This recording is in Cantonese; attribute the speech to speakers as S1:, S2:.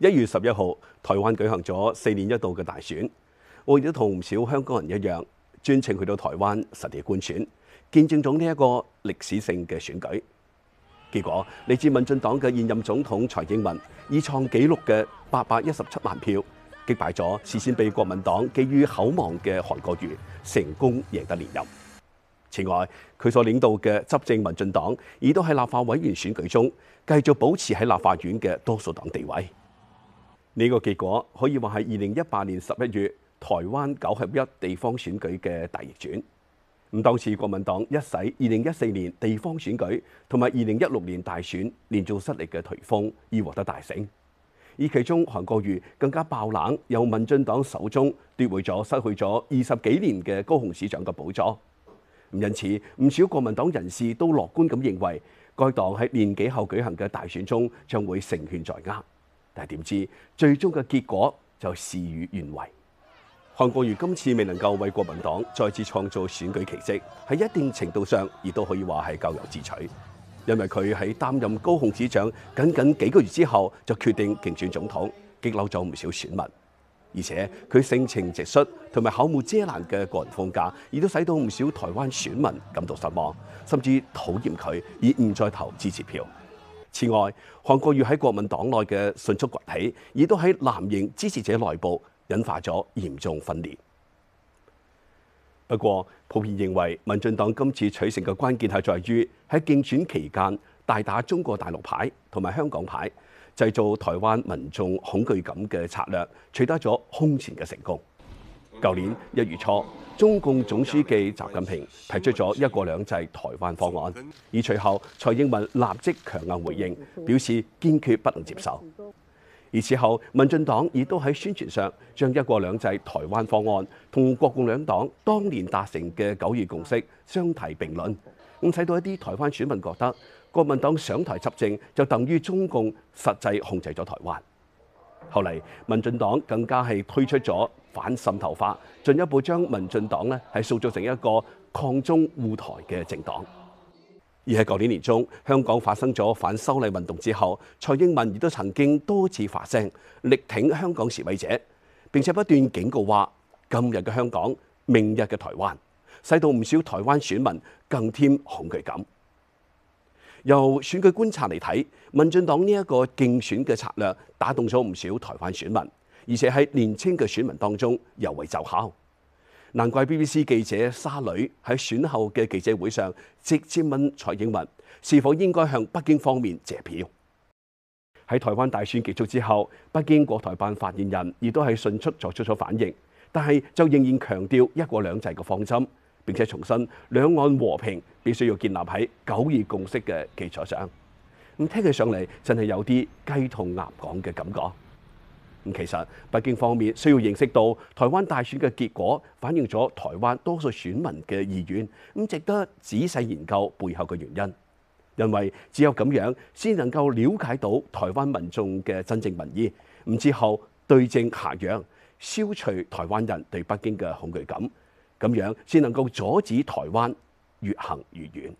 S1: 一月十一號，台灣舉行咗四年一度嘅大選。我亦都同唔少香港人一樣，專程去到台灣實地觀選，見證咗呢一個歷史性嘅選舉結果。嚟自民進黨嘅現任總統蔡英文，以創紀錄嘅八百一十七萬票擊敗咗事先被國民黨寄予厚望嘅韓國瑜，成功贏得連任。此外，佢所領導嘅執政民進黨，亦都喺立法委員選舉中繼續保持喺立法院嘅多數黨地位。呢個結果可以話係二零一八年十一月台灣九合一地方選舉嘅大逆轉。咁當時國民黨一洗二零一四年地方選舉同埋二零一六年大選連續失利嘅頹風，而獲得大勝。而其中韓國瑜更加爆冷，由民進黨手中奪回咗失去咗二十幾年嘅高雄市長嘅寶座。因此唔少國民黨人士都樂觀咁認為，該黨喺年幾後舉行嘅大選中將會勝券在握。但係點知最終嘅結果就事與願違。韓國瑜今次未能夠為國民黨再次創造選舉奇蹟，喺一定程度上亦都可以話係咎由自取。因為佢喺擔任高雄市長僅僅幾個月之後就決定競選總統，激嬲咗唔少選民。而且佢性情直率同埋口無遮攔嘅個人風格，亦都使到唔少台灣選民感到失望，甚至討厭佢而唔再投支持票。此外，韓國瑜喺國民黨內嘅迅速崛起，亦都喺藍營支持者內部引發咗嚴重分裂。不過，普遍認為民進黨今次取勝嘅關鍵係在於喺競選期間大打中國大陸牌同埋香港牌，製造台灣民眾恐懼感嘅策略，取得咗空前嘅成功。舊年一月初，中共總書記習近平提出咗一國兩制台灣方案，而隨後蔡英文立即強硬回應，表示堅決不能接受。而此後，民進黨亦都喺宣傳上將一國兩制台灣方案同國共兩黨當年達成嘅九二共識相提並論。咁睇到一啲台灣選民覺得，國民黨上台執政就等於中共實際控制咗台灣。後嚟，民進黨更加係推出咗。反滲透法進一步將民進黨呢係塑造成一個抗中護台嘅政黨。而喺舊年年中，香港發生咗反修例運動之後，蔡英文亦都曾經多次發聲力挺香港示威者，並且不斷警告話：今日嘅香港，明日嘅台灣，使到唔少台灣選民更添恐懼感。由選舉觀察嚟睇，民進黨呢一個競選嘅策略，打動咗唔少台灣選民。而且喺年青嘅選民當中尤為就考。難怪 BBC 記者沙磊喺選後嘅記者會上直接問蔡英文是否應該向北京方面借票。喺台灣大選結束之後，北京國台辦發言人亦都係迅速作出咗反應，但係就仍然強調一國兩制嘅方針，並且重申兩岸和平必須要建立喺九二共識嘅基礎上。咁聽起上嚟真係有啲雞同鴨講嘅感覺。其實北京方面需要認識到，台灣大選嘅結果反映咗台灣多數選民嘅意願，咁值得仔細研究背後嘅原因。因為只有咁樣先能夠了解到台灣民眾嘅真正民意，咁之後對症下藥，消除台灣人對北京嘅恐懼感，咁樣先能夠阻止台灣越行越遠。